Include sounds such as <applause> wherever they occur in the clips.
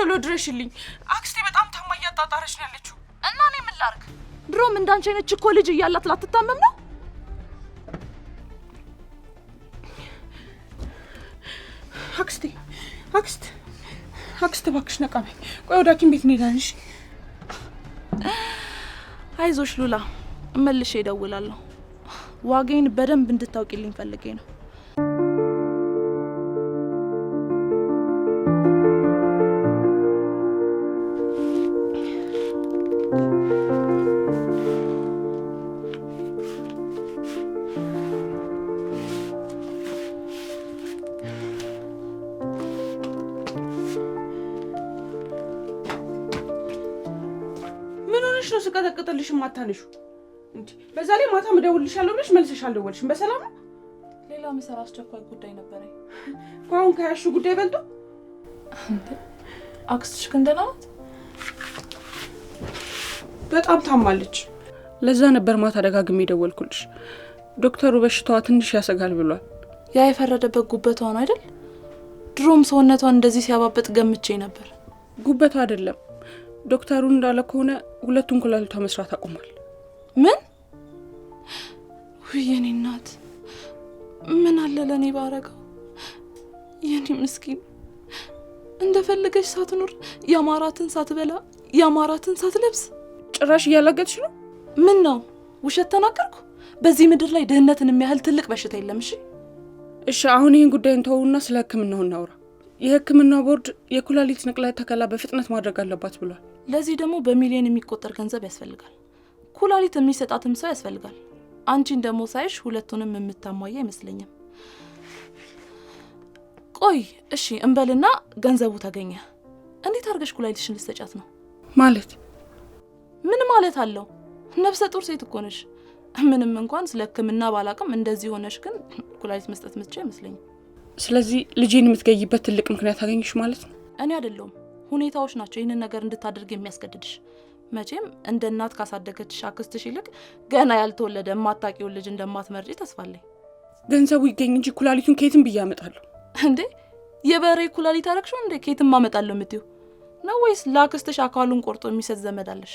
ቶሎ ድረሽልኝ። አክስቴ በጣም ታማ እያጣጣረች ነው ያለችው እና እኔ ምን ላርግ? ድሮም እንዳንቺ አይነት እኮ ልጅ እያላት ላትታመም ነው። አክስቴ አክስት አክስት እባክሽ ነቃ በይ። ቆይ ወደ ሐኪም ቤት እንሄዳለን። አይዞሽ ሉላ፣ መልሼ እደውላለሁ። ዋጋዬን በደንብ እንድታውቂልኝ ፈልጌ ነው። ነው ስቀጠቅጥልሽ ማታነሹ እንዴ? በዛ ላይ ማታ እደውልልሻለሁ ብለሽ መልሰሽ አልደወልሽም። በሰላም ነው? ሌላ ምሰራ አስቸኳይ ጉዳይ ነበረኝ። ከአሁን ከያሹ ጉዳይ በልጦ። አክስትሽ ግን ደህና ናት? በጣም ታማለች። ለዛ ነበር ማታ ደጋግሜ የደወልኩልሽ። ዶክተሩ በሽታዋ ትንሽ ያሰጋል ብሏል። ያ የፈረደበት ጉበቷ ነው አይደል? ድሮም ሰውነቷን እንደዚህ ሲያባበጥ ገምቼ ነበር። ጉበቷ አይደለም ዶክተሩ እንዳለ ከሆነ ሁለቱን ኩላሊቷ መስራት አቁሟል። ምን? ውይ የኔ እናት ምን አለ ለእኔ ባረገው። የኔ ምስኪን እንደፈለገች ሳትኖር የአማራትን ሳትበላ ያማራትን ሳትለብስ ጭራሽ እያላገጥሽ ነው። ምን ነው ውሸት ተናገርኩ? በዚህ ምድር ላይ ድህነትን የሚያህል ትልቅ በሽታ የለም። እሺ እሺ፣ አሁን ይህን ጉዳይ ተውና ስለ ህክምናው እናውራ። የህክምናው ቦርድ የኩላሊት ንቅለ ተከላ በፍጥነት ማድረግ አለባት ብሏል። ለዚህ ደግሞ በሚሊዮን የሚቆጠር ገንዘብ ያስፈልጋል። ኩላሊት የሚሰጣትም ሰው ያስፈልጋል። አንቺን ደግሞ ሳይሽ ሁለቱንም የምታሟየ አይመስለኝም። ቆይ እሺ እንበልና ገንዘቡ ተገኘ፣ እንዴት አድርገሽ ኩላሊትሽን ልትሰጫት ነው? ማለት ምን ማለት አለው? ነፍሰ ጡር ሴት እኮ ነሽ። ምንም እንኳን ስለ ሕክምና ባላቅም እንደዚህ ሆነሽ ግን ኩላሊት መስጠት ምትችል አይመስለኝም። ስለዚህ ልጄን የምትገይበት ትልቅ ምክንያት አገኝሽ ማለት ነው። እኔ አይደለውም ሁኔታዎች ናቸው ይህንን ነገር እንድታደርግ የሚያስገድድሽ። መቼም እንደ እናት ካሳደገችሽ አክስትሽ ይልቅ ገና ያልተወለደ የማታውቂውን ልጅ እንደማትመርጪ ተስፋ አለኝ። ገንዘቡ ይገኝ እንጂ ኩላሊቱን ከየትም ብዬ አመጣለሁ። እንዴ የበሬ ኩላሊት አረግሽው እንዴ? ከየትም አመጣለሁ የምትይው ነው ወይስ ለአክስትሽ አካሉን ቆርጦ የሚሰጥ ዘመድ አለሽ?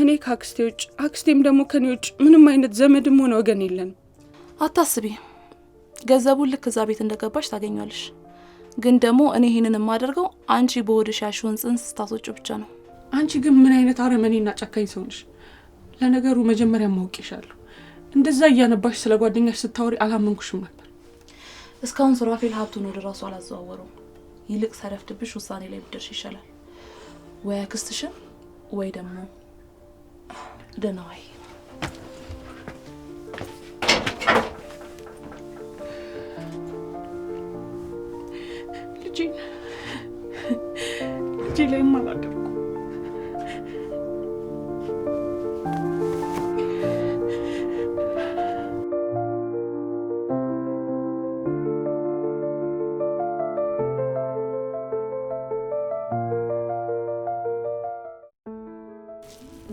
እኔ ከአክስቴ ውጭ አክስቴም ደግሞ ከኔ ውጭ ምንም አይነት ዘመድም ሆነ ወገን የለንም። አታስቢ፣ ገንዘቡን ልክ እዛ ቤት እንደገባሽ ታገኟለሽ። ግን ደግሞ እኔ ይህንን የማደርገው አንቺ በሆድሽ ያሽውን ጽንስ ስታስወጭ ብቻ ነው። አንቺ ግን ምን አይነት አረመኔና ጨካኝ ሰው ነሽ? ለነገሩ መጀመሪያ ማወቅ ይሻለሁ። እንደዛ እያነባሽ ስለ ጓደኛሽ ስታወሪ አላመንኩሽም ነበር። እስካሁን ሱራፌል ሀብቱን ወደ ራሱ አላዘዋወረውም። ይልቅ ሳይረፍድብሽ ውሳኔ ላይ ብደርሽ ይሻላል። ወይ አክስትሽን ወይ ደግሞ ደህና ዋይ እጄ ላይም አላደርኩም።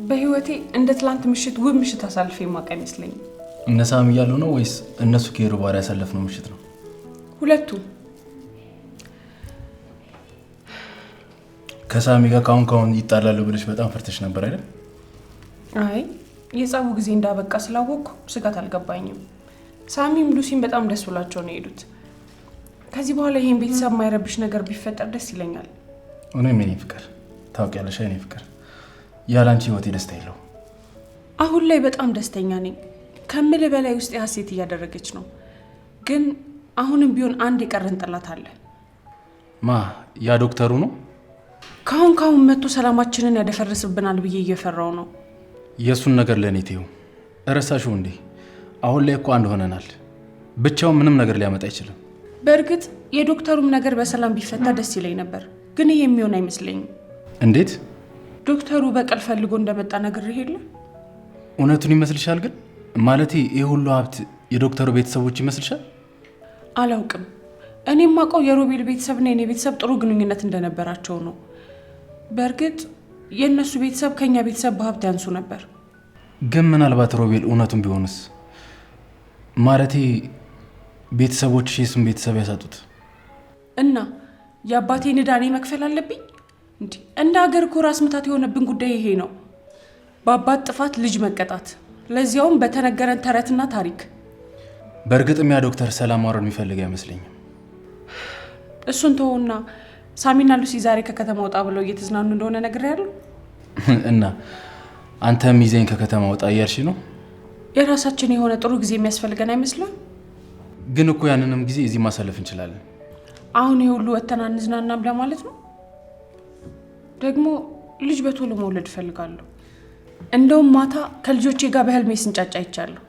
በህይወቴ እንደ ትላንት ምሽት ውብ ምሽት አሳልፌ የማውቅ አይመስለኝም። እነ ሳም እያሉ ነው ወይስ እነሱ ከሄዱ በኋላ ያሳለፍነው ምሽት ነው? ሁለቱም ከሳሚ ጋር ካሁን ካሁን ይጣላሉ ብለሽ በጣም ፈርተሽ ነበር አይደል? አይ የጸቡ ጊዜ እንዳበቃ ስላወቅኩ ስጋት አልገባኝም። ሳሚም ሉሲም በጣም ደስ ብሏቸው ነው የሄዱት። ከዚህ በኋላ ይህን ቤተሰብ የማይረብሽ ነገር ቢፈጠር ደስ ይለኛል። እኔም የኔ ፍቅር ታውቂያለሽ፣ የኔ ፍቅር ያለ አንቺ ህይወቴ ደስታ የለው። አሁን ላይ በጣም ደስተኛ ነኝ ከምል በላይ ውስጥ ሀሴት እያደረገች ነው። ግን አሁንም ቢሆን አንድ የቀረን ጠላት አለ። ማ ያ ዶክተሩ ነው ካሁን ካሁን መጥቶ ሰላማችንን ያደፈርስብናል ብዬ እየፈራው ነው። የእሱን ነገር ለእኔ ትይው። እረሳሽው እንዴ? አሁን ላይ እኮ አንድ ሆነናል። ብቻውን ምንም ነገር ሊያመጣ አይችልም። በእርግጥ የዶክተሩም ነገር በሰላም ቢፈታ ደስ ይለኝ ነበር፣ ግን ይህ የሚሆን አይመስለኝም። እንዴት? ዶክተሩ በቀል ፈልጎ እንደመጣ ነገር የለ? እውነቱን ይመስልሻል? ግን ማለቴ ይህ ሁሉ ሀብት የዶክተሩ ቤተሰቦች ይመስልሻል? አላውቅም። እኔም አውቀው የሮቤል ቤተሰብና የኔ ቤተሰብ ጥሩ ግንኙነት እንደነበራቸው ነው በእርግጥ የእነሱ ቤተሰብ ከእኛ ቤተሰብ በሀብት ያንሱ ነበር። ግን ምናልባት ሮቤል እውነቱን ቢሆንስ? ማለቴ ቤተሰቦች የስም ቤተሰብ ያሳጡት እና የአባቴን ንዳኔ መክፈል አለብኝ? እንዲ እንደ ሀገር እኮ ራስ ምታት የሆነብን ጉዳይ ይሄ ነው። በአባት ጥፋት ልጅ መቀጣት፣ ለዚያውም በተነገረን ተረትና ታሪክ። በእርግጥም ያ ዶክተር ሰላም ማውረድ የሚፈልግ አይመስለኝም። እሱን ተወውና ሳሚና ሉሲ ዛሬ ከከተማ ወጣ ብለው እየተዝናኑ እንደሆነ ነግሬያለሁ። <laughs> እና አንተም ይዘኝ ከከተማ ወጣ እያልሽ ነው? የራሳችን የሆነ ጥሩ ጊዜ የሚያስፈልገን አይመስልም? ግን እኮ ያንንም ጊዜ እዚህ ማሳለፍ እንችላለን። አሁን ይህ ሁሉ ወተን አንዝናናም ለማለት ነው? ደግሞ ልጅ በቶሎ መውለድ እፈልጋለሁ። እንደውም ማታ ከልጆቼ ጋር በህልሜ ስንጫጫ አይቻለሁ።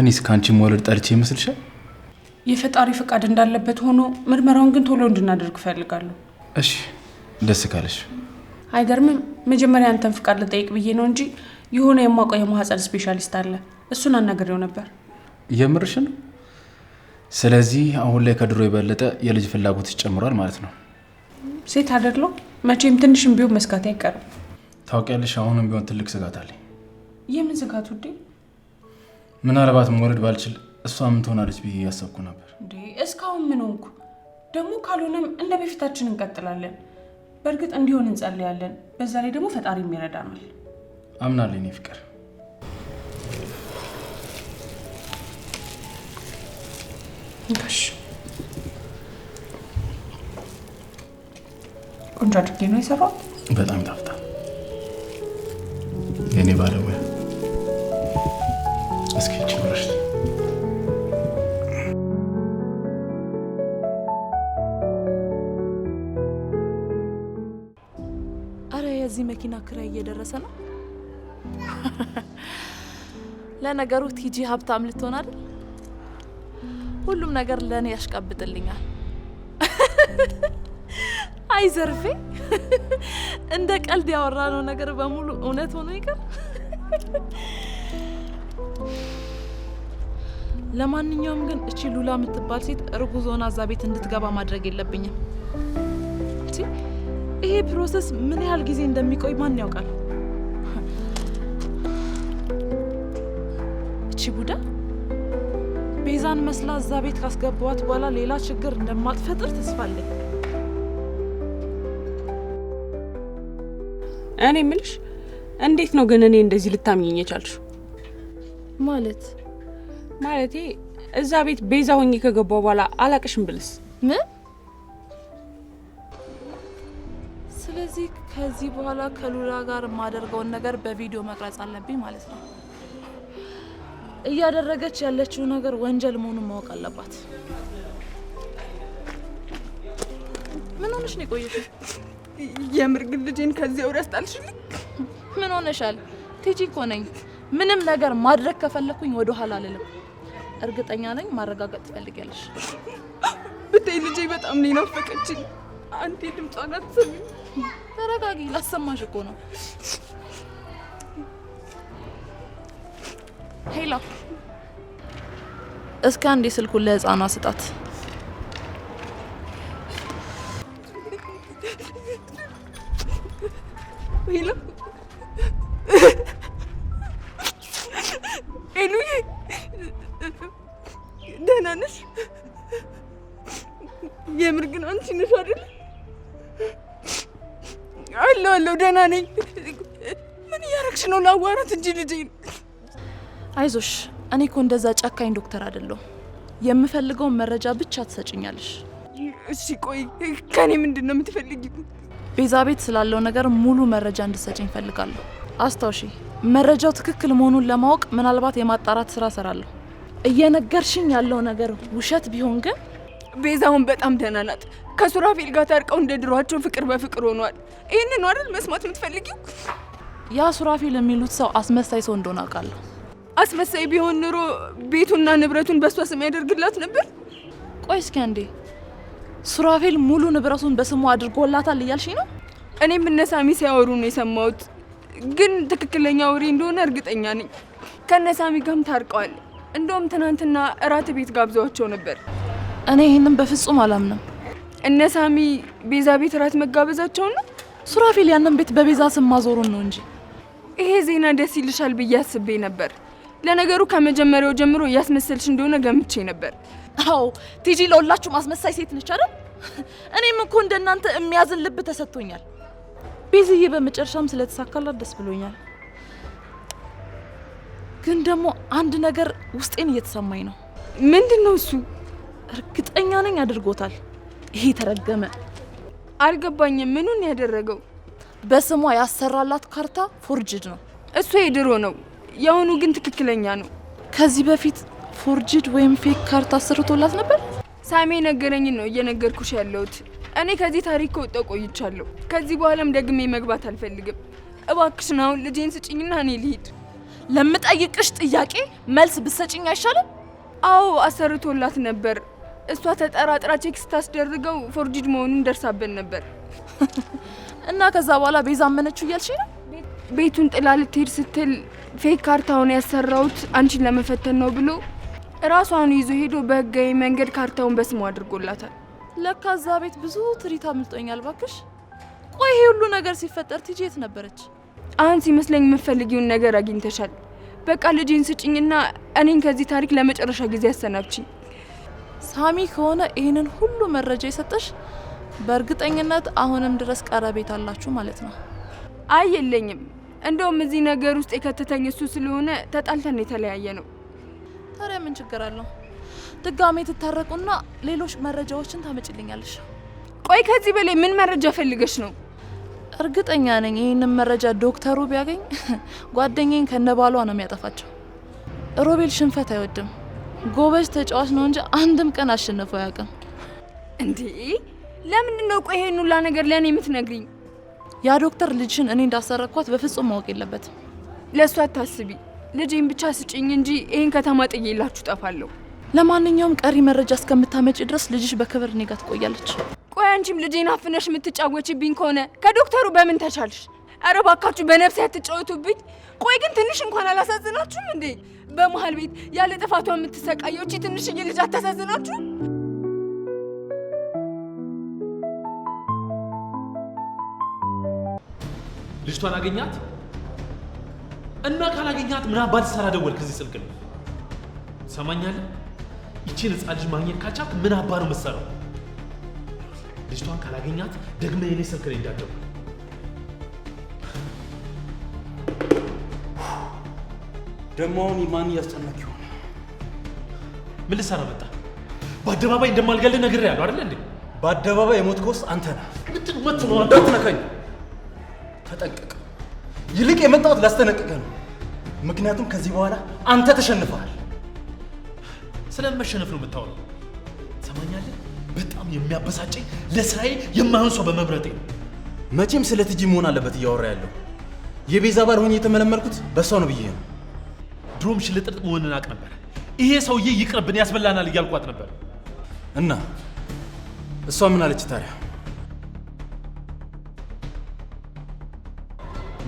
እኔስ ከአንቺ መውለድ ጠልቼ ይመስልሻል? የፈጣሪ ፈቃድ እንዳለበት ሆኖ ምርመራውን ግን ቶሎ እንድናደርግ እፈልጋለሁ። እሺ ደስ ካለሽ። አይገርምም። መጀመሪያ አንተን ፍቃድ ልጠይቅ ብዬ ነው እንጂ የሆነ የማውቀው የማህፀን ስፔሻሊስት አለ፣ እሱን አናግሬው ነበር። ነው? ስለዚህ አሁን ላይ ከድሮ የበለጠ የልጅ ፍላጎት ይጨምሯል ማለት ነው። ሴት አይደለሁ መቼም ትንሽም ቢሆን መስጋት አይቀርም። ታውቂያለሽ፣ አሁንም ቢሆን ትልቅ ስጋት አለኝ። የምን ስጋት ውዴ? ምናልባት መውለድ ባልችል እሷ ምን ትሆናለች ብዬ እያሰብኩ ነበር። እስካሁን ምን ሆንኩ? ደግሞ ካልሆነም እንደ በፊታችን እንቀጥላለን። በእርግጥ እንዲሆን እንጸልያለን። በዛ ላይ ደግሞ ፈጣሪ የሚረዳናል። አምናለሁ የኔ ፍቅር። ቆንጆ አድርጌ ነው የሰራሁት። በጣም ይጣፍጣል። የኔ ባለሙያ እስኪ ችምረሽ የዚህ መኪና ክራይ እየደረሰ ነው። <laughs> ለነገሩ ቲጂ ሀብታም ልትሆን አይደል? ሁሉም ነገር ለእኔ ያሽቃብጥልኛል። <laughs> አይ ዘርፌ፣ <laughs> እንደ ቀልድ ያወራነው ነገር በሙሉ እውነት ሆኖ ይቀር። ለማንኛውም ግን እቺ ሉላ የምትባል ሴት እርጉዝ ሆና እዛ ቤት እንድትገባ ማድረግ የለብኝም። ይሄ ፕሮሰስ ምን ያህል ጊዜ እንደሚቆይ ማን ያውቃል? እቺ ቡዳ ቤዛን መስላ እዛ ቤት ካስገባዋት በኋላ ሌላ ችግር እንደማትፈጥር ተስፋ አለኝ። እኔ ምልሽ እንዴት ነው ግን እኔ እንደዚህ ልታምኘኝ የቻልሽው? ማለት ማለቴ እዛ ቤት ቤዛ ሆኜ ከገባው በኋላ አላቅሽም ብልስ ምን ስለዚህ ከዚህ በኋላ ከሉላ ጋር የማደርገውን ነገር በቪዲዮ መቅረጽ አለብኝ ማለት ነው። እያደረገች ያለችው ነገር ወንጀል መሆኑን ማወቅ አለባት። ምን ሆነሽ ነው የቆየሽው? የምር ግን ልጄን ከዚህ ውረስ ምን ሆነሻል? ቲጂ እኮ ነኝ። ምንም ነገር ማድረግ ከፈለኩኝ ወደ ኋላ አልልም። እርግጠኛ ነኝ ማረጋገጥ ትፈልጊያለሽ። ብታይ ልጄ በጣም ነው የናፈቀችኝ። አንቴ ድምጿን አትሰሚም ተረጋጊ፣ ላሰማሽ እኮ ነው። ሄላ እስኪ አንዴ ስልኩን ለህፃኗ ስጣት። ደህና ነሽ? የምር ግን አንቺ ነሽ አይደል? እለዋለሁ። ደህና ነኝ። ምን እያረግሽ ነው? ላዋራት እንጂ ልጄ። አይዞሽ፣ እኔ እኮ እንደዛ ጨካኝ ዶክተር አይደለሁ። የምፈልገውን መረጃ ብቻ ትሰጭኛለሽ። እሺ፣ ቆይ ከኔ ምንድን ነው የምትፈልጊ? ቤዛ ቤት ስላለው ነገር ሙሉ መረጃ እንድሰጭኝ እፈልጋለሁ። አስታውሺ፣ መረጃው ትክክል መሆኑን ለማወቅ ምናልባት የማጣራት ስራ ሰራለሁ። እየነገርሽኝ ያለው ነገር ውሸት ቢሆን ግን ቤዛውን በጣም ደህና ናት። ከሱራፌል ጋር ታርቀው እንደ ድሯቸው ፍቅር በፍቅር ሆኗል። ይህንን አይደል መስማት የምትፈልጊው? ያ ሱራፌል የሚሉት ሰው አስመሳይ ሰው እንደሆነ አውቃለሁ። አስመሳይ ቢሆን ኑሮ ቤቱና ንብረቱን በእሷ ስም ያደርግላት ነበር። ቆይ እስኪ አንዴ ሱራፌል ሙሉ ንብረቱን በስሙ አድርጎላታል እያልሽ ነው? እኔም እነሳሚ ሳሚ ሲያወሩ ነው የሰማሁት፣ ግን ትክክለኛ ወሬ እንደሆነ እርግጠኛ ነኝ። ከነሳሚ ሳሚ ጋርም ታርቀዋል። እንደውም ትናንትና እራት ቤት ጋብዘዋቸው ነበር። እኔ ይህንም በፍጹም አላምንም። እነ ሳሚ ቤዛ ቤት እራት መጋበዛቸውን ነው? ሱራፌል ያንን ቤት በቤዛ ስም ማዞሩን ነው እንጂ። ይሄ ዜና ደስ ይልሻል ብዬ አስቤ ነበር። ለነገሩ ከመጀመሪያው ጀምሮ እያስመሰልሽ እንደሆነ ገምቼ ነበር። አዎ ቲጂ ለሁላችሁ ማስመሳይ ሴት ነች አይደል? እኔም እኮ እንደናንተ የሚያዝን ልብ ተሰጥቶኛል። ቤዝዬ በመጨረሻም ስለተሳካላት ደስ ብሎኛል። ግን ደግሞ አንድ ነገር ውስጤን እየተሰማኝ ነው። ምንድን ነው እሱ? እርግጠኛ ነኝ አድርጎታል። ይሄ ተረገመ። አልገባኝም። ምኑን ያደረገው? በስሟ ያሰራላት ካርታ ፎርጅድ ነው። እሱ የድሮ ነው፣ የአሁኑ ግን ትክክለኛ ነው። ከዚህ በፊት ፎርጅድ ወይም ፌክ ካርታ አሰርቶላት ነበር። ሳሜ ነገረኝ ነው እየነገርኩሽ ያለሁት። እኔ ከዚህ ታሪክ ከወጣሁ ቆይቻለሁ። ከዚህ በኋላም ደግሜ መግባት አልፈልግም። እባክሽን አሁን ልጄን ስጭኝና እኔ ልሂድ። ለምጠይቅሽ ጥያቄ መልስ ብሰጭኝ አይሻልም? አዎ አሰርቶላት ነበር እሷ ተጠራጥራ ቼክ ስታስደርገው ፎርጂድ መሆኑን ደርሳብን ነበር <laughs> እና ከዛ በኋላ ቤዛ አመነችው እያልሽ ነው? ቤቱን ጥላ ልትሄድ ስትል ፌክ ካርታውን ያሰራሁት አንቺን ለመፈተን ነው ብሎ እራሷን ይዞ ሄዶ በህጋዊ መንገድ ካርታውን በስሙ አድርጎላታል። ለካ እዛ ቤት ብዙ ትሪት አምልጦኛል። ባክሽ ቆይ ይሄ ሁሉ ነገር ሲፈጠር ቲጂ የት ነበረች? አሁን ሲመስለኝ የምፈልጊውን ነገር አግኝተሻል። በቃ ልጅን ስጭኝና እኔን ከዚህ ታሪክ ለመጨረሻ ጊዜ ያሰናብችኝ። ሳሚ ከሆነ ይህንን ሁሉ መረጃ የሰጠሽ በእርግጠኝነት አሁንም ድረስ ቀረቤት አላችሁ ማለት ነው። አይ የለኝም። እንደውም እዚህ ነገር ውስጥ የከተተኝ እሱ ስለሆነ ተጣልተን የተለያየ ነው። ታዲያ ምን ችግር አለው? ድጋሜ ትታረቁና ሌሎች መረጃዎችን ታመጭልኛለሽ። ቆይ ከዚህ በላይ ምን መረጃ ፈልገሽ ነው? እርግጠኛ ነኝ ይህንን መረጃ ዶክተሩ ቢያገኝ <laughs> ጓደኛዬን ከነባሏ ነው የሚያጠፋቸው። ሮቤል ሽንፈት አይወድም። ጎበዝ ተጫዋች ነው እንጂ አንድም ቀን አሸነፈው አያውቅም። እንዴ ለምንድን ነው ቆይ ይሄን ሁላ ነገር ለእኔ የምትነግሪኝ? ያ ዶክተር ልጅሽን እኔ እንዳሰረኳት በፍጹም ማወቅ የለበትም። ለእሱ አታስቢ፣ ልጄን ብቻ ስጭኝ እንጂ ይህን ከተማ ጥዬላችሁ ጠፋለሁ። ለማንኛውም ቀሪ መረጃ እስከምታመጪ ድረስ ልጅሽ በክብር እኔ ጋ ትቆያለች። ቆይ አንቺም ልጄን አፍነሽ የምትጫወችብኝ ከሆነ ከዶክተሩ በምን ተቻልሽ? አረ ባካችሁ በነፍሴ አትጫወቱብኝ። ቆይ ግን ትንሽ እንኳን አላሳዝናችሁም እንዴ? በመሀል ቤት ያለ ጥፋቷ የምትሰቃየው እቺ ትንሽዬ ልጅ አታሳዝናችሁም? ልጅቷን አገኛት እና ካላገኛት ምን አባት ሰራ ደወልክ እዚህ ስልክ ነው ትሰማኛለህ? ይቺን ህፃን ልጅ ማግኘት ካልቻልክ ምን ነው የምትሰራው? ልጅቷን ካላገኛት ደግመህ የኔ ስልክ ላይ እንዳትደውል ደግሞ አሁን ማን እያስጨነቅ ይሆን? ምን ልሰራ መጣ? በአደባባይ እንደማልገልህ ያለው አይደል እንዴ? በአደባባይ የሞት ከውስጥ አንተ ነህ። ምንድን መት ነው? እንዳትነካኝ ተጠንቀቅ። ይልቅ የመጣሁት ላስጠነቅቅህ ነው። ምክንያቱም ከዚህ በኋላ አንተ ተሸንፈሃል። ስለመሸነፍ ነው የምታወራው? ሰማኛለህ። በጣም የሚያበሳጨኝ ለስራዬ የማይሆን ሰው በመምረጤ መቼም ስለ ትጂ መሆን አለበት እያወራ ያለው የቤዛ ባል ሆኜ የተመለመልኩት በእሷ ነው ብዬ ነው ድሮም ሽልጥጥ መሆንን አቅ ነበር። ይሄ ሰውዬ ይቅርብን ያስበላናል እያልኳት ነበር። እና እሷ ምን አለች ታዲያ?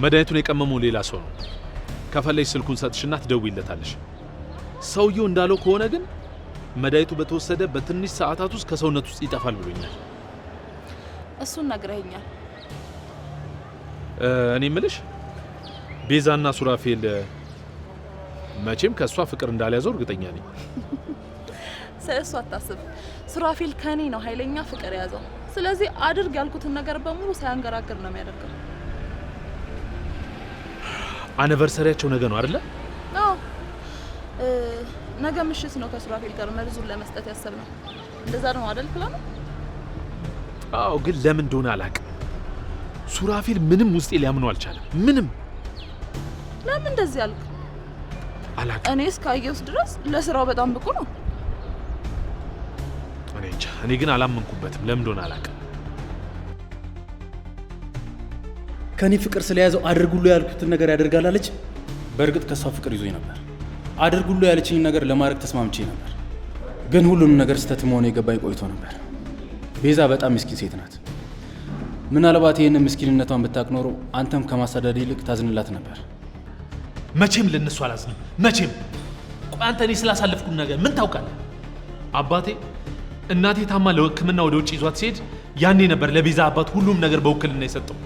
መድኃኒቱን የቀመመው ሌላ ሰው ነው። ከፈለሽ ስልኩን ሰጥሽና ትደውይለታለሽ። ሰውየው እንዳለው ከሆነ ግን መድኃኒቱ በተወሰደ በትንሽ ሰዓታት ውስጥ ከሰውነት ውስጥ ይጠፋል ብሎኛል። እሱን ነግረኸኛል። እኔ ምልሽ ቤዛና ሱራፌል መቼም ከእሷ ፍቅር እንዳልያዘው እርግጠኛ ነኝ። ስለ እሱ አታስብ። ሱራፌል ከኔ ነው ኃይለኛ ፍቅር የያዘው። ስለዚህ አድርግ ያልኩትን ነገር በሙሉ ሳያንገራግር ነው የሚያደርገው። አኒቨርሰሪያቸው ነገ ነው አይደለ? አዎ፣ ነገ ምሽት ነው ከሱራፌል ጋር መርዙን ለመስጠት ነው። እንደዛ ነው አደል ፕላኑ። አዎ፣ ግን ለምን እንደሆነ አላውቅም። ሱራፌል ምንም ውስጤ ሊያምነው አልቻለም። ምንም። ለምን እንደዚህ አልክ? አላውቅም። እኔ እስካየሁት ድረስ ለስራው በጣም ብቁ ነው። እኔ እንጃ። እኔ ግን አላመንኩበትም። ለምን አላውቅም። ከእኔ ፍቅር ስለያዘው አድርጉሉ ያልኩትን ነገር ያደርጋላለች። በእርግጥ ከእሷ ፍቅር ይዞኝ ነበር። አድርጉሉ ያለችኝ ነገር ለማድረግ ተስማምቼ ነበር። ግን ሁሉንም ነገር ስህተት መሆኑ የገባኝ ቆይቶ ነበር። ቤዛ በጣም ምስኪን ሴት ናት። ምናልባት ይህንን ምስኪንነቷን ብታቅ ኖሮ አንተም ከማሳደድ ይልቅ ታዝንላት ነበር። መቼም ለነሱ አላዝንም። መቼም ቆይ፣ አንተ እኔ ስላሳለፍኩን ነገር ምን ታውቃለህ? አባቴ እናቴ ታማ ለሕክምና ወደ ውጭ ይዟት ሲሄድ ያኔ ነበር ለቤዛ አባት ሁሉም ነገር በውክልና የሰጠው።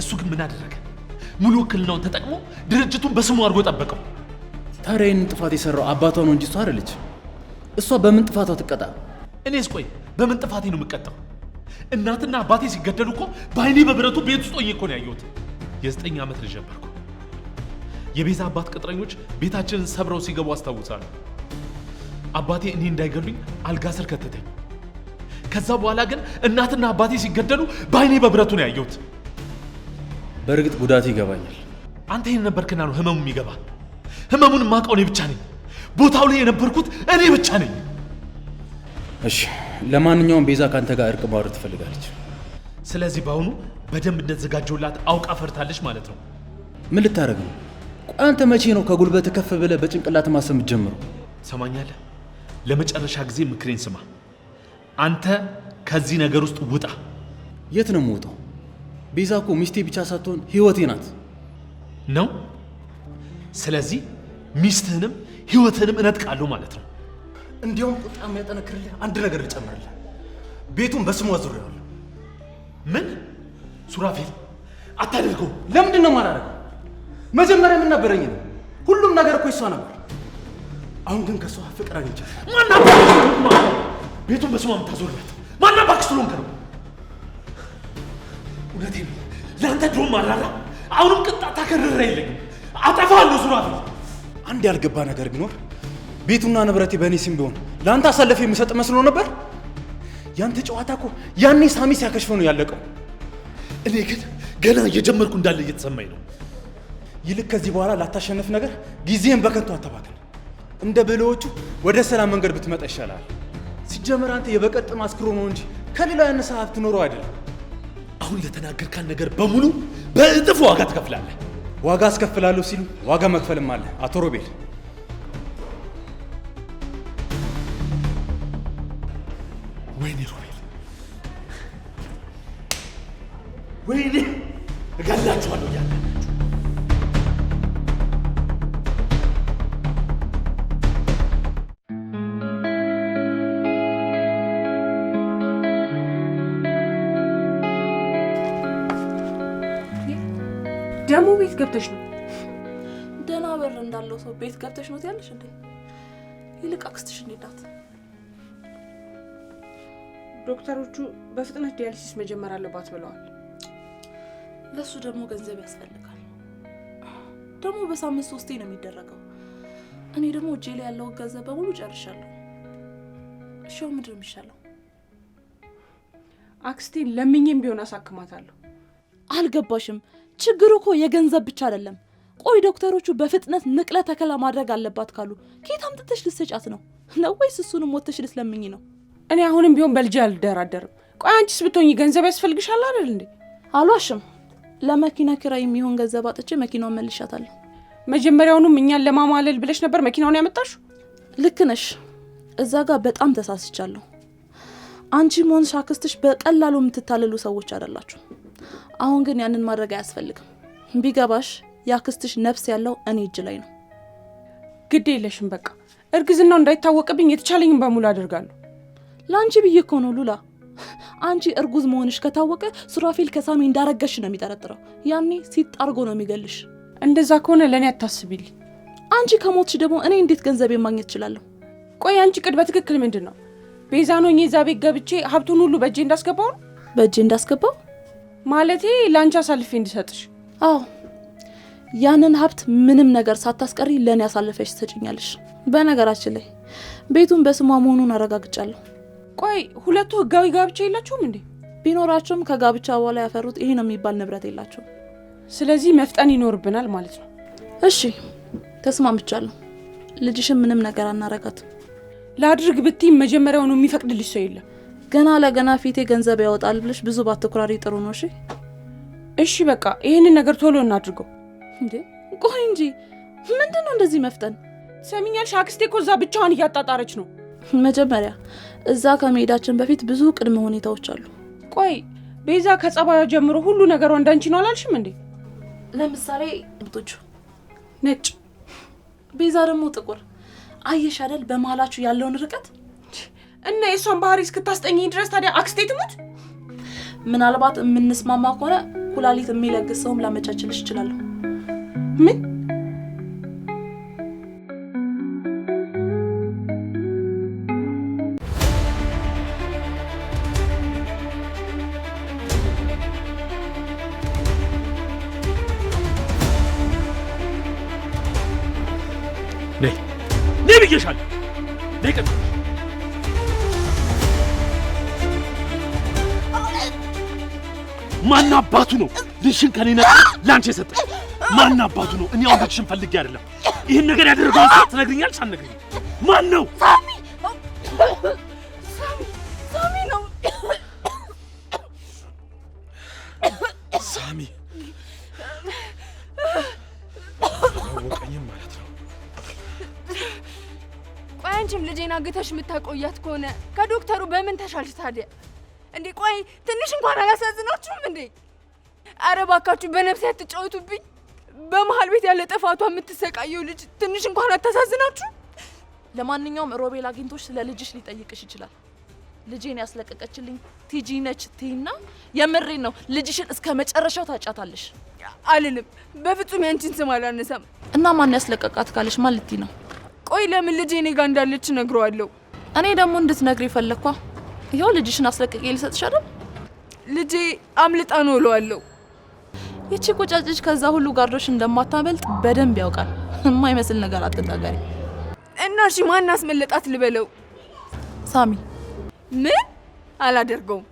እሱ ግን ምን አደረገ? ሙሉ ውክልናውን ተጠቅሞ ድርጅቱን በስሙ አድርጎ ጠበቀው። ታዲያ ጥፋት የሰራው አባቷ ነው እንጂ እሷ አይደለች። እሷ በምን ጥፋቷ ትቀጣ? እኔስ ቆይ በምን ጥፋቴ ነው የምቀጣው? እናትና አባቴ ሲገደሉ እኮ በአይኔ በብረቱ ቤት ውስጥ ሆኜ እኮ ነው ያየሁት። የዘጠኝ ዓመት ልጅ ነበርኩ። የቤዛ አባት ቅጥረኞች ቤታችንን ሰብረው ሲገቡ አስታውሳለሁ። አባቴ እኔ እንዳይገሉኝ አልጋ ስር ከተተኝ። ከዛ በኋላ ግን እናትና አባቴ ሲገደሉ በአይኔ በብረቱ ነው ያየሁት። በእርግጥ ጉዳት ይገባኛል። አንተ ይህን ነበርክና ነው ህመሙ የሚገባ። ህመሙን የማውቀው እኔ ብቻ ነኝ። ቦታው ላይ የነበርኩት እኔ ብቻ ነኝ። እሺ፣ ለማንኛውም ቤዛ ከአንተ ጋር እርቅ ማውረድ ትፈልጋለች። ስለዚህ በአሁኑ በደንብ እንደተዘጋጀውላት አውቃ ፈርታለች ማለት ነው። ምን ልታደርግ ነው? አንተ መቼ ነው ከጉልበት ከፍ ብለ በጭንቅላት ማሰብ የምትጀምረው? ሰማኛለህ? ለመጨረሻ ጊዜ ምክሬን ስማ። አንተ ከዚህ ነገር ውስጥ ውጣ። የት ነው የምወጣው? ቤዛ እኮ ሚስቴ ብቻ ሳትሆን ህይወቴ ናት ነው። ስለዚህ ሚስትህንም ህይወትህንም እነጥቃለሁ ማለት ነው። እንዲያውም ቁጣ የሚያጠነክርልህ አንድ ነገር ልጨምርልህ። ቤቱን በስሙ አዙሪዋለሁ። ምን? ሱራፌል፣ አታደርገው። ለምንድን ነው የማላደርገው? መጀመሪያ የምናበረኝ ነው። ሁሉም ነገር እኮ ይሷ ነበር። አሁን ግን ከእሷ ፍቅር አግኝቻለሁ። ማናባ ቤቱን በስሟ የምታዞርበት ማናባ ክስሎን ከነው እውነቴ ለአንተ ድሮም አላላ አሁንም ቅጣት ታከርረ የለኝም። አጠፋለሁ። ሱራፊ አንድ ያልገባ ነገር ቢኖር ቤቱና ንብረቴ በእኔ ስም ቢሆን ለአንተ አሳልፌ የምሰጥ መስሎ ነበር። ያንተ ጨዋታ እኮ ያኔ ሳሚ ሲያከሽፈ ነው ያለቀው። እኔ ግን ገና እየጀመርኩ እንዳለ እየተሰማኝ ነው። ይልቅ ከዚህ በኋላ ላታሸንፍ ነገር ጊዜን በከንቱ አታባክን። እንደ ብልዎቹ ወደ ሰላም መንገድ ብትመጣ ይሻላል። ሲጀመር አንተ የበቀል ጥም አስክሮ ነው እንጂ ከሌላ ያነሰ ሀብት ኖሮ አይደለም። አሁን ለተናገርካን ነገር በሙሉ በእጥፍ ዋጋ ትከፍላለህ። ዋጋ አስከፍላለሁ ሲሉ ዋጋ መክፈልም አለ አቶ ሮቤል። ወይኔ ሮቤል፣ ወይኔ እገላችኋለሁ እያለ ደግሞ ቤት ገብተሽ ነው ደህና በር እንዳለው ሰው ቤት ገብተሽ ነው ትያለሽ እንዴ? ይልቅ አክስትሽ እንዴት ዶክተሮቹ በፍጥነት ዲያሊሲስ መጀመር አለባት ብለዋል። ለእሱ ደግሞ ገንዘብ ያስፈልጋል። ደግሞ በሳምንት ሶስቴ ነው የሚደረገው። እኔ ደግሞ እጄ ላይ ያለውን ገንዘብ በሙሉ ጨርሻለሁ። እሺው ምንድን ነው የሚሻለው? አክስቴን ለምኜም ቢሆን አሳክማታለሁ። አልገባሽም። ችግሩ እኮ የገንዘብ ብቻ አይደለም። ቆይ ዶክተሮቹ በፍጥነት ንቅለ ተከላ ማድረግ አለባት ካሉ ከየት አምጥተሽ ልትሰጫት ነው ነው ወይስ እሱንም ወጥተሽ ልትለምኝ ነው? እኔ አሁንም ቢሆን በልጄ አልደራደርም። ቆይ አንቺስ ብትሆኝ ገንዘብ ያስፈልግሻል አይደል እንዴ? አሏሽም። ለመኪና ኪራይ የሚሆን ገንዘብ አጥቼ መኪናውን መልሻታለሁ። መጀመሪያውኑም እኛን ለማማለል ብለሽ ነበር መኪናውን ያመጣሹ። ልክ ነሽ። እዛ ጋር በጣም ተሳስቻለሁ። አንቺ ሆንሽ አክስትሽ በቀላሉ የምትታለሉ ሰዎች አይደላችሁ። አሁን ግን ያንን ማድረግ አያስፈልግም። ቢገባሽ ያክስትሽ ነፍስ ያለው እኔ እጅ ላይ ነው። ግድ የለሽም። በቃ እርግዝናው እንዳይታወቅብኝ የተቻለኝም በሙሉ አደርጋለሁ። ለአንቺ ብዬ እኮ ነው ሉላ። አንቺ እርጉዝ መሆንሽ ከታወቀ ሱራፌል ከሳሚ እንዳረገሽ ነው የሚጠረጥረው። ያኔ ሲጣርጎ ነው የሚገልሽ። እንደዛ ከሆነ ለእኔ አታስቢልኝ። አንቺ ከሞትሽ ደግሞ እኔ እንዴት ገንዘቤን ማግኘት እችላለሁ? ቆይ አንቺ ቅድ በትክክል ምንድን ነው ቤዛ ኖኝ እዛ ቤት ገብቼ ሀብቱን ሁሉ በእጄ እንዳስገባው ነው በእጄ እንዳስገባው ማለቴ ለአንቺ አሳልፌ እንድሰጥሽ። አዎ ያንን ሀብት ምንም ነገር ሳታስቀሪ ለእኔ አሳልፈሽ ትሰጭኛለሽ። በነገራችን ላይ ቤቱን በስሟ መሆኑን አረጋግጫለሁ። ቆይ ሁለቱ ህጋዊ ጋብቻ የላቸውም እንዴ? ቢኖራቸውም ከጋብቻ በኋላ ያፈሩት ይሄ ነው የሚባል ንብረት የላቸው። ስለዚህ መፍጠን ይኖርብናል ማለት ነው። እሺ ተስማምቻለሁ። ልጅሽን ምንም ነገር አናረጋትም። ላድርግ ብትይም መጀመሪያውኑ የሚፈቅድልሽ ሰው የለም። ገና ለገና ፊቴ ገንዘብ ያወጣል ብለሽ ብዙ ባትኩራሪ ጥሩ ነው። እሺ እሺ፣ በቃ ይህንን ነገር ቶሎ እናድርገው። እንዴ ቆይ እንጂ ምንድን ነው እንደዚህ መፍጠን? ሰሚኛልሽ፣ አክስቴ እኮ እዛ ብቻዋን እያጣጣረች ነው። መጀመሪያ እዛ ከመሄዳችን በፊት ብዙ ቅድመ ሁኔታዎች አሉ። ቆይ ቤዛ ከጸባዩ ጀምሮ ሁሉ ነገር ወንዳንቺ ነው አላልሽም እንዴ? ለምሳሌ እንቶቹ ነጭ፣ ቤዛ ደግሞ ጥቁር። አየሽ አይደል በመሀላችሁ ያለውን ርቀት እና የእሷን ባህሪ እስክታስጠኝ ድረስ ታዲያ አክስቴ ትሙት? ምናልባት የምንስማማ ከሆነ ኩላሊት የሚለግስ ሰውም ላመቻችልሽ እችላለሁ። ምን ልጅሽን ከኔ ነበር ላንቺ የሰጠሽ ማን አባቱ ነው? እኔ አውዳክሽን ፈልጌ አይደለም። ይህን ነገር ያደረገው ሰው ትነግሪኛለሽ? አልነግሪኝም። ማን ነው? ሳሚ ሳሚ ነው። ሳሚ አወቀኝም ማለት ነው። ቆይ አንቺም ልጄን አግተሽ የምታቆያት ከሆነ ከዶክተሩ በምን ተሻልሽ ታዲያ? እንዴ ቆይ ትንሽ እንኳን አላሳዝናችሁም እንዴ? አረ ባካችሁ በነፍስ አትጫወቱብኝ። በመሀል ቤት ያለ ጥፋቷ የምትሰቃየው ልጅ ትንሽ እንኳን አታሳዝናችሁ? ለማንኛውም ሮቤል አግኝቶሽ ስለ ልጅሽ ሊጠይቅሽ ይችላል። ልጄን ያስለቀቀችልኝ ቲጂ ነች ቲና፣ የምሬን ነው። ልጅሽን እስከ መጨረሻው ታጫታለሽ። አልልም፣ በፍጹም ያንቺን ስም አላነሳም። እና ማን ያስለቀቃት ካለሽ ማለት ነው። ቆይ ለምን ልጄ እኔ ጋ እንዳለች ነግረዋለሁ። እኔ ደግሞ እንድትነግር ይፈለግኳ። ይኸው ልጅሽን አስለቀቄ ልሰጥሽ ልጄ አምልጣ ነው እለዋለሁ። ይቺ ቁጫጭች ከዛ ሁሉ ጋርዶሽ እንደማታመልጥ በደንብ ያውቃል። የማይመስል ነገር አትናገሪ እና እሺ፣ ማን አስመለጣት ልበለው? ሳሚ ምን አላደርገውም።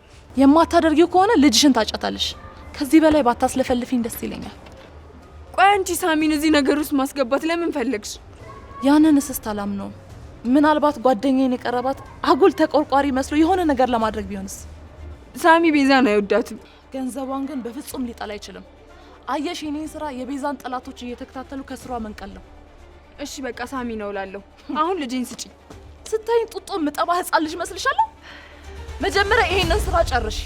የማታደርጊው ከሆነ ልጅሽን ታጫታለሽ። ከዚህ በላይ ባታስለፈልፊኝ ደስ ይለኛል። ቆይ አንቺ ሳሚን እዚህ ነገር ውስጥ ማስገባት ለምን ፈለግሽ? ያንን እስስት አላምነውም። ምናልባት ጓደኛዬን የቀረባት አጉል ተቆርቋሪ መስሎ የሆነ ነገር ለማድረግ ቢሆንስ? ሳሚ ቤዛን አይወዳትም። ገንዘቧን ግን በፍጹም ሊጠላ አይችልም። አየሽ የኔን ስራ የቤዛን ጠላቶች እየተከታተሉ ከስሯ መንቀል ነው። እሺ በቃ ሳሚ ነው እላለሁ። አሁን ልጄን ስጪ ስታይን ጡጦ ምጠባ ህፃን ልጅ መስልሻለሁ? መጀመሪያ ይሄንን ስራ ጨርሽ።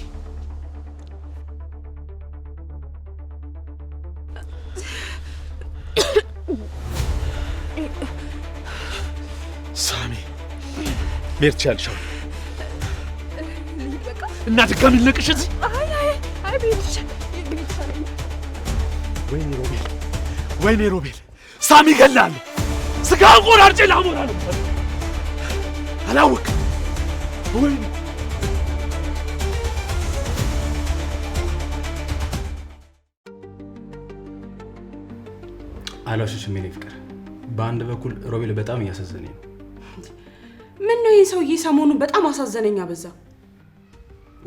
ሳሚ ሜርች ያልሻው እና ድጋሚ ልቅሽ እዚህ አይ አይ አይ ወይኔ ሮቤል፣ ወይኔ ሮቤል፣ ሳሚ ይገላል። ስጋ ቆራርጬ ላሞራ ነው አላውቅ ወይኔ አላሽሽም የኔ ፍቅር። በአንድ በኩል ሮቤል በጣም እያሳዘነኝ ነው። ምን ነው ይህ ሰውዬ ሰሞኑን በጣም አሳዘነኝ። አበዛ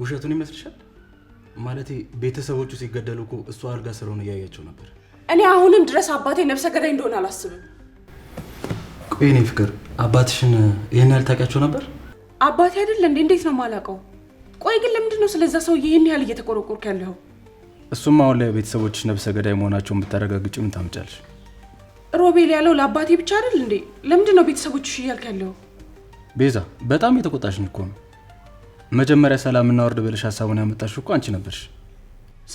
ውሸቱን ይመስልሻል? ማለቴ ቤተሰቦቹ ሲገደሉ እኮ እሷ አልጋ ስለሆነ እያያቸው ነበር። እኔ አሁንም ድረስ አባቴ ነፍሰ ገዳይ እንደሆነ አላስብም። ቆይ እኔ ፍቅር፣ አባትሽን ይህን ያህል ታውቂያቸው ነበር? አባቴ አይደለ እንዴ? እንዴት ነው የማላውቀው? ቆይ ግን ለምንድን ነው ስለዛ ሰውዬ ይህን ያህል እየተቆረቆርክ ያለው? እሱም አሁን ላይ ቤተሰቦች ነፍሰ ገዳይ መሆናቸውን ብታረጋግጭ ምን ታምጫለሽ? ሮቤል ያለው ለአባቴ ብቻ አይደል እንዴ? ለምንድን ነው ቤተሰቦችሽ እያልክ ያለው? ቤዛ በጣም የተቆጣሽን እኮ ነው መጀመሪያ ሰላም እናወርድ ብለሽ ሀሳቡን ያመጣሽ እኮ አንቺ ነበርሽ።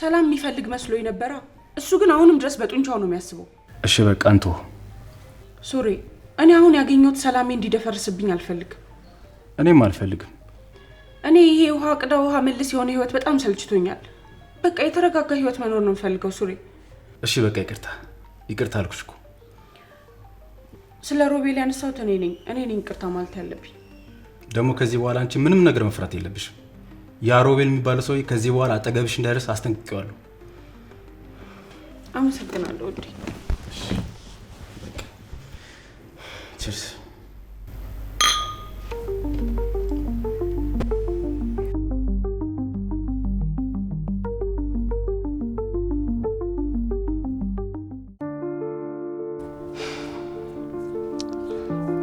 ሰላም የሚፈልግ መስሎ ነበራ። እሱ ግን አሁንም ድረስ በጡንቻው ነው የሚያስበው። እሺ በቃ እንቶ ሱሪ፣ እኔ አሁን ያገኘሁት ሰላሜ እንዲደፈርስብኝ አልፈልግም። እኔም አልፈልግም። እኔ ይሄ ውሃ ቅዳ ውሃ መልስ የሆነ ህይወት በጣም ሰልችቶኛል። በቃ የተረጋጋ ህይወት መኖር ነው የምፈልገው ሱሪ። እሺ በቃ ይቅርታ፣ ይቅርታ አልኩሽ እኮ። ስለ ሮቤል ያነሳሁት እኔ ነኝ። እኔ ነኝ ይቅርታ ማለት ያለብኝ ደግሞ ከዚህ በኋላ አንቺ ምንም ነገር መፍራት የለብሽም። ያ ሮቤል የሚባለው ሰው ከዚህ በኋላ አጠገብሽ እንዳይደርስ አስጠንቅቄዋለሁ። አመሰግናለሁ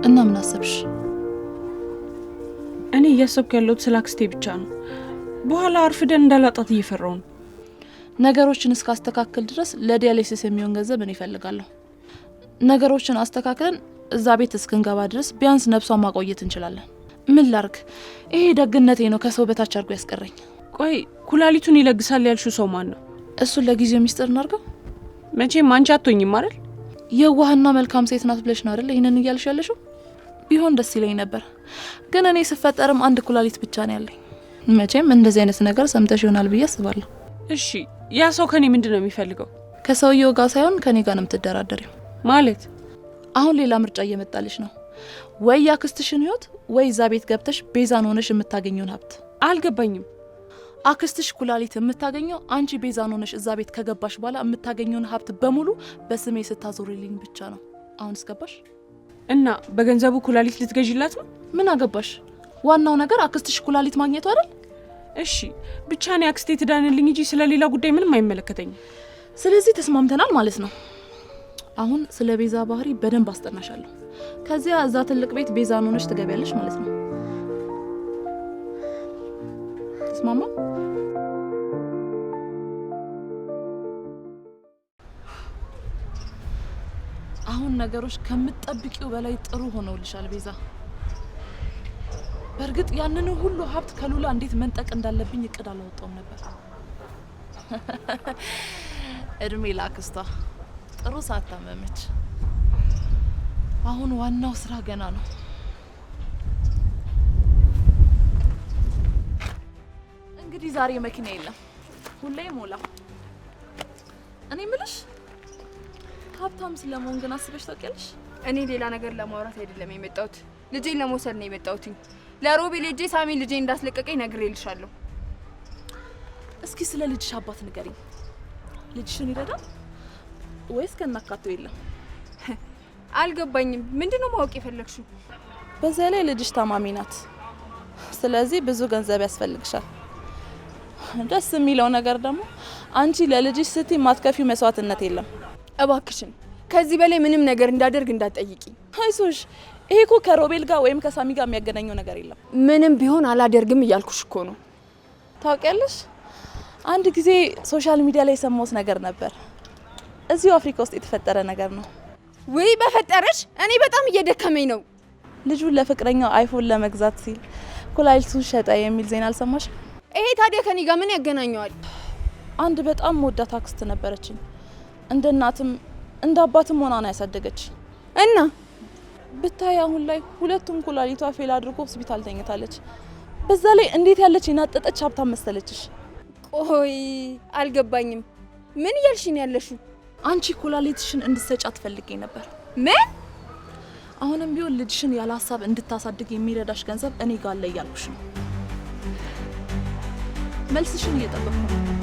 እና ምን አሰብሽ? እኔ እያሰብኩ ያለሁት ስለ አክስቴ ብቻ ነው። በኋላ አርፍደን እንዳላጣት እየፈራው ነው። ነገሮችን እስካስተካከል ድረስ ለዲያሌሲስ የሚሆን ገንዘብ እኔ እፈልጋለሁ። ነገሮችን አስተካክለን እዛ ቤት እስክንገባ ድረስ ቢያንስ ነብሷን ማቆየት እንችላለን። ምን ላርግ? ይሄ ደግነቴ ነው ከሰው በታች አድርጎ ያስቀረኝ። ቆይ ኩላሊቱን ይለግሳል ያልሹ ሰው ማን ነው? እሱን ለጊዜው ሚስጥር እናርገው። መቼም አንቺ አቶኝም አይደል? የዋህና መልካም ሴት ናት ብለሽ ነው አይደል ይህንን እያልሽ ያለሽው? ቢሆን ደስ ይለኝ ነበር ግን እኔ ስፈጠርም አንድ ኩላሊት ብቻ ነው ያለኝ። መቼም እንደዚህ አይነት ነገር ሰምተሽ ይሆናል ብዬ አስባለሁ። እሺ ያ ሰው ከኔ ምንድን ነው የሚፈልገው? ከሰውየው ጋር ሳይሆን ከኔ ጋር ነው የምትደራደሪው ማለት። አሁን ሌላ ምርጫ እየመጣልሽ ነው። ወይ የአክስትሽን ህይወት ወይ እዛ ቤት ገብተሽ ቤዛን ሆነሽ የምታገኘውን ሀብት። አልገባኝም። አክስትሽ ኩላሊት የምታገኘው አንቺ ቤዛን ሆነሽ እዛ ቤት ከገባሽ በኋላ የምታገኘውን ሀብት በሙሉ በስሜ ስታዞሪልኝ ብቻ ነው። አሁን እስገባሽ እና በገንዘቡ ኩላሊት ልትገዥላት ነው? ምን አገባሽ? ዋናው ነገር አክስትሽ ኩላሊት ማግኘቱ አይደል? እሺ ብቻ እኔ አክስቴ ትዳንልኝ እንጂ ስለ ሌላ ጉዳይ ምንም አይመለከተኝም። ስለዚህ ተስማምተናል ማለት ነው። አሁን ስለ ቤዛ ባህሪ በደንብ አስጠናሻለሁ። ከዚያ እዛ ትልቅ ቤት ቤዛን ሆነሽ ትገቢያለች ማለት ነው። ተስማማ? አሁን ነገሮች ከምትጠብቂው በላይ ጥሩ ሆነውልሻል ቤዛ። በእርግጥ ያንን ሁሉ ሀብት ከሉላ እንዴት መንጠቅ እንዳለብኝ እቅድ አላወጣውም ነበር። <laughs> እድሜ ላክስቷ ጥሩ ሳታመመች። አሁን ዋናው ስራ ገና ነው። እንግዲህ ዛሬ መኪና የለም፣ ሁሌ ሞላ። እኔ ምልሽ ሀብታም ስለመሆን ግን አስበሽ ታውቂያለሽ? እኔ ሌላ ነገር ለማውራት አይደለም የመጣሁት፣ ልጄን ለመውሰድ ነው የመጣሁት። ለሮቤ ልጄ ሳሚ ልጄን እንዳስለቀቀኝ ነግሬልሻለሁ። እስኪ ስለ ልጅሽ አባት ንገሪኝ። ልጅሽን ይረዳል ወይስ ከናካቴው የለም? <laughs> አልገባኝም። ምንድነው ማወቅ የፈለግሽው? በዛ ላይ ልጅሽ ታማሚ ናት። ስለዚህ ብዙ ገንዘብ ያስፈልግሻል። ደስ የሚለው ነገር ደግሞ አንቺ ለልጅሽ ስቲ ማትከፊው መስዋዕትነት የለም። እባክሽን ከዚህ በላይ ምንም ነገር እንዳደርግ እንዳትጠይቂ። አይዞሽ፣ ይሄ እኮ ከሮቤል ጋር ወይም ከሳሚ ጋር የሚያገናኘው ነገር የለም። ምንም ቢሆን አላደርግም እያልኩሽ እኮ ነው። ታውቂያለሽ፣ አንድ ጊዜ ሶሻል ሚዲያ ላይ የሰማሁት ነገር ነበር። እዚሁ አፍሪካ ውስጥ የተፈጠረ ነገር ነው። ውይ በፈጠረሽ፣ እኔ በጣም እየደከመኝ ነው። ልጁን ለፍቅረኛው አይፎን ለመግዛት ሲል ኩላሊቱን ሸጠ የሚል ዜና አልሰማሽ? ይሄ ታዲያ ከኔ ጋር ምን ያገናኘዋል? አንድ በጣም መወዳት አክስት ነበረችኝ እንደ እናትም እንደ አባትም ሆና ነው ያሳደገች እና ብታይ አሁን ላይ ሁለቱም ኩላሊቷ ፌል አድርጎ ሆስፒታል ተኝታለች። በዛ ላይ እንዴት ያለች የናጠጠች ሀብታም መሰለችሽ? ቆይ አልገባኝም። ምን እያልሽን ነው ያለሽው? አንቺ ኩላሊትሽን እንድሰጫ ፈልጌ ነበር። ምን? አሁንም ቢሆን ልጅሽን ያለ ሀሳብ እንድታሳድግ የሚረዳሽ ገንዘብ እኔ ጋር አለ እያልኩሽ ነው። መልስሽን እየጠበቅኩ ነው።